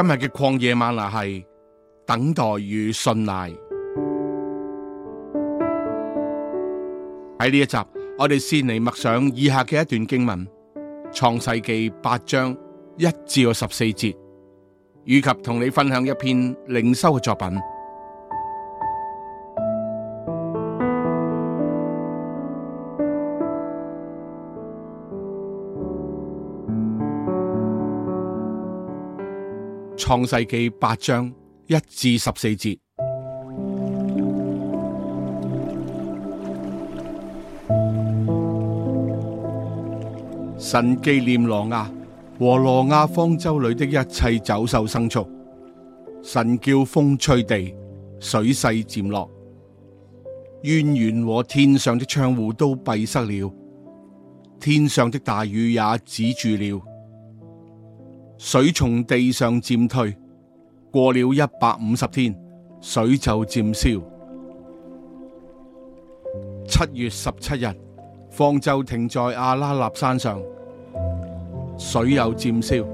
今日嘅曠野嗎哪係等待與信賴。喺呢一集，我哋先嚟默想以下嘅一段經文：創世記八章一至十四節，以及同你分享一篇靈修嘅作品。創世記八章一至十四節，神紀念挪亞和挪亞方舟裏的一切走獸、牲畜。神叫風吹地，水勢漸落，淵源和天上的窗戶都閉塞了，天上的大雨也止住了。水從地上漸退，過了一百五十天，水就漸消。七月十七日，方舟停在阿拉臘山上，水又漸消。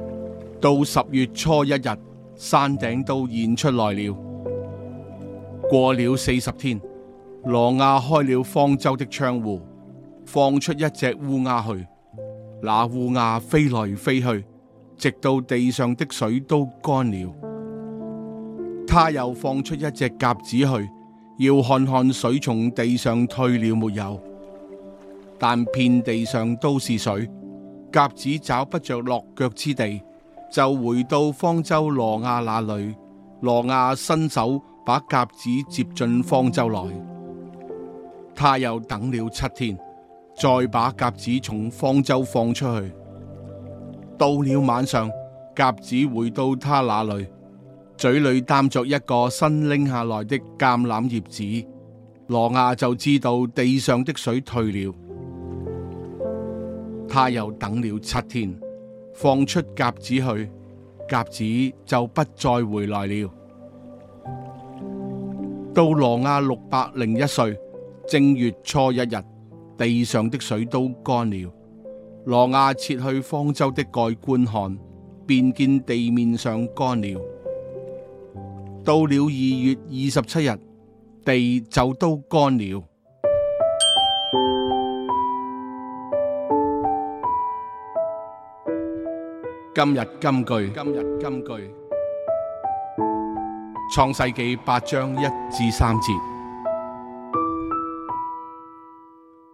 到十月初一日，山頂都現出來了。過了四十天，羅亞開了方舟的窗戶，放出一隻烏鴉去，那烏鴉飛來飛去。直到地上的水都乾了，他又放出一隻鴿子去，要看看水從地上退了沒有。但遍地上都是水，鴿子找不着落腳之地，就回到方舟挪亞那裏。挪亞伸手把鴿子接進方舟來。他又等了七天，再把鴿子從方舟放出去。到了晚上，鴿子回到他那裏，嘴裏擔着一個新拎下來的橄欖葉子。挪亞就知道地上的水退了。他又等了七天，放出鴿子去，鴿子就不再回來了。到挪亞六百零一歲，正月初一日，地上的水都乾了。挪亞撤去方舟的蓋觀看，便見地面上乾了。到了二月二十七日，地就都乾了。今日金句，今日金句，創世紀八章一至三節，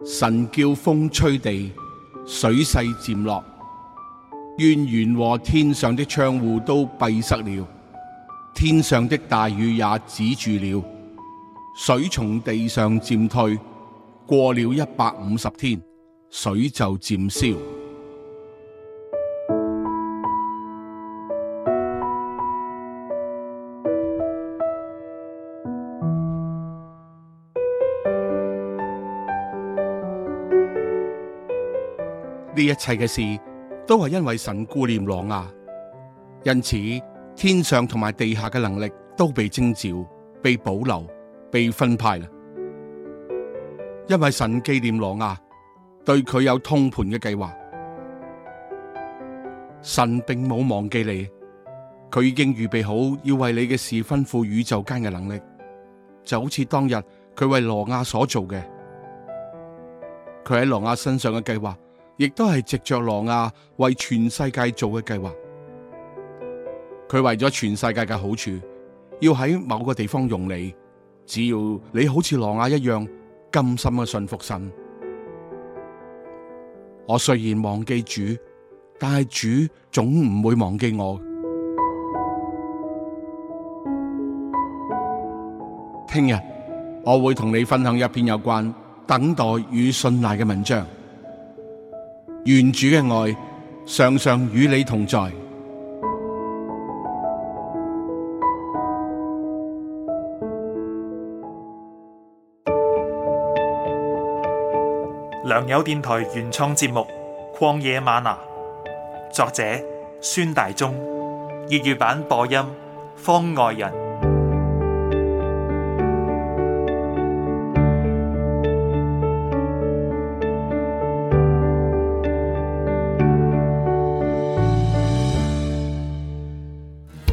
神叫風吹地。水勢漸落，淵源和天上的窗戶都閉塞了，天上的大雨也止住了，水從地上漸退，過了一百五十天，水就漸消。呢一切嘅事都係因為神顧念挪亞，因此天上同埋地下嘅能力都被徵召、被保留、被分派啦。因為神紀念挪亞，對佢有通盤嘅計劃。神並冇忘記你，佢已經預備好要為你嘅事吩咐宇宙間嘅能力，就好似當日佢為挪亞所做嘅，佢喺挪亞身上嘅計劃。.亦都係藉着挪亞為全世界做嘅計劃，佢為咗全世界嘅好處，要喺某個地方用你。只要你好似挪亞一樣甘心嘅信服神。我雖然忘記主，但係主總唔會忘記我。聽日我會同你分享一篇有關等待與信賴嘅文章。願主嘅愛，常常與你同在。良友電台原創節目《曠野嗎哪》，作者孫大中，粵語版播音方外人。